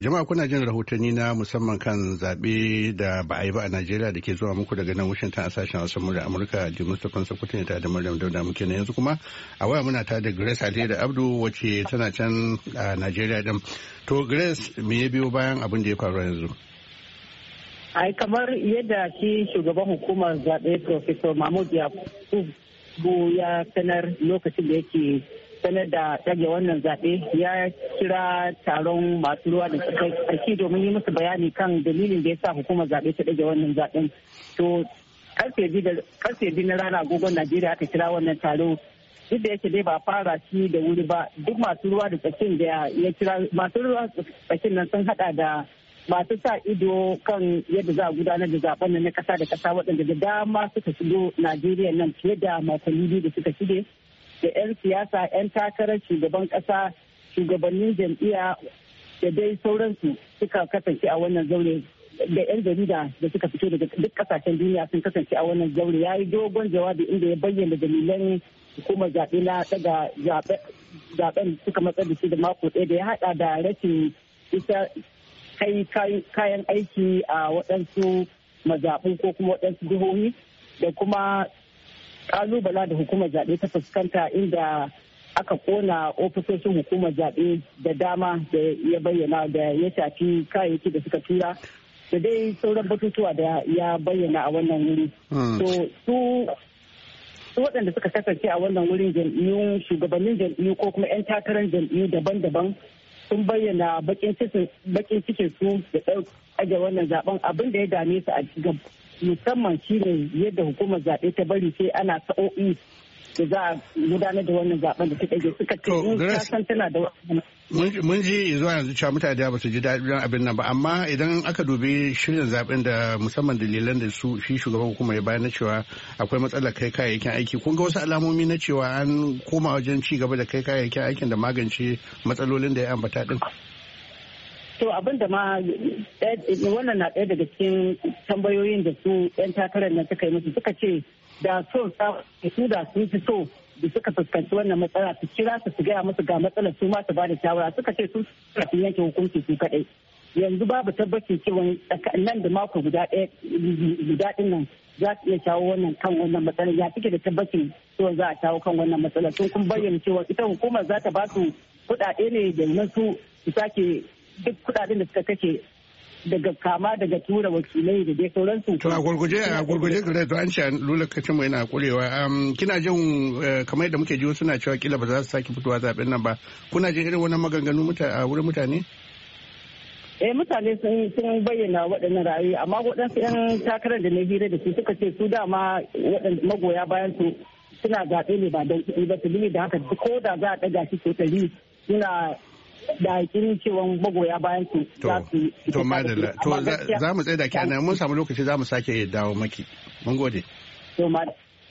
Jama'a kuna jin rahotanni na musamman kan zaɓe da ba a yi ba a Najeriya da ke zuwa muku daga nan Washington a sashen wasan murya Amurka da Mustapha Sokoto ne tare da Maryam Dauda muke na yanzu kuma a waya muna tare da Grace Ali da Abdu wacce tana can a Najeriya din. To Grace me ya biyo bayan abin da ya faru yanzu? Ai kamar yadda shi shugaban hukumar zaɓe Professor Mahmud Yakubu ya sanar lokacin da yake sanar da tsage wannan zaɓe ya kira taron masu ruwa da tsarki domin yi musu bayani kan dalilin da ya sa hukumar zaɓe ta ɗage wannan zaɓen to karfe biyu na rana agogon najeriya aka kira wannan taro duk da yake dai ba fara shi da wuri ba duk masu ruwa da tsakin da ya kira masu ruwa tsakin nan sun hada da masu sa ido kan yadda za a gudanar da zaben na kasa da kasa waɗanda da dama suka shigo najeriya nan fiye da makonni biyu da suka shige da 'yan siyasa 'yan takarar shugaban ƙasa shugabannin jam'iyya da dai sauransu suka kasance a wannan zaure da 'yan jarida da suka fito daga duk kasashen duniya sun kasance a wannan zaure ya yi dogon jawabi inda ya bayyana dalilan hukumar zaɓe na daga zaɓen suka matsar da shi da mako ɗaya da ya haɗa da rashin isa kai kayan aiki a waɗansu mazaɓu ko kuma waɗansu duhohi da kuma kalubala da hukumar zaɓe ta fuskanta inda aka kona ofisoshin hukumar zaɓe da dama da ya bayyana da ya shafi kayayyaki da suka tura da dai sauran batutuwa da ya bayyana a wannan wuri. To hmm. su su waɗanda suka kasance a wannan wurin jam'iyyun shugabannin jam'iyyu ko kuma 'yan takarar jam'iyyu daban-daban sun bayyana bakin cikin su da ɗan wannan zaben abin da ya dame su a musamman shine yadda hukumar zaɓe ta bari sai ana sa'o'i da za a gudanar da wannan zaben da ta ɗage suka ce in san tana da mun ji zuwa yanzu cewa mutane ba su ji daɗin abin nan ba amma idan aka dubi shirin zaben da musamman dalilan da su shi shugaban hukumar ya bayar na cewa akwai matsalar kai kayayyakin aiki kun ga wasu alamomi na cewa an koma wajen ci gaba da kai kayayyakin aikin da magance matsalolin da ya ambata din. to abin da ma eh, wannan na ɗaya daga cikin tambayoyin da su 'yan takarar nan suka yi musu suka ce da so su da sun fi so da suka fuskanci wannan matsala su kira su su gaya musu ga matsalar su ma su ba da shawara suka ce su sun yanke hukunci su kaɗai yanzu babu tabbacin cewa nan da mako guda ɗaya ɗin nan za su iya shawo wannan kan wannan matsalar ya suke da tabbacin cewa za a shawo kan wannan matsalar sun kun bayyana cewa ita hukumar za ta ba su kuɗaɗe ne da su su sake duk kudaden da suka kashe daga kama daga tura wakilai da dai sauransu. To a gurguje a gurguje gare to an ce lula kacin mu yana kurewa. Um, kina jin eh, kamar yadda muke jiwo suna cewa kila ba za su sake fitowa zaben nan ba. Kuna jin irin wannan maganganu a wurin mutane? Eh mutane sun sun bayyana waɗannan ra'ayi amma waɗansu ƴan takarar da na hira da su suka ce su dama magoya bayan su suna zaɓe ne ba don kuɗi ba su da haka ko da za a ɗaga shi ko suna da kinin cewa magoya bayan su za su to madalla to za mu tsaye da kyana mun samu lokaci za mu sake dawo maki mun gode to madalla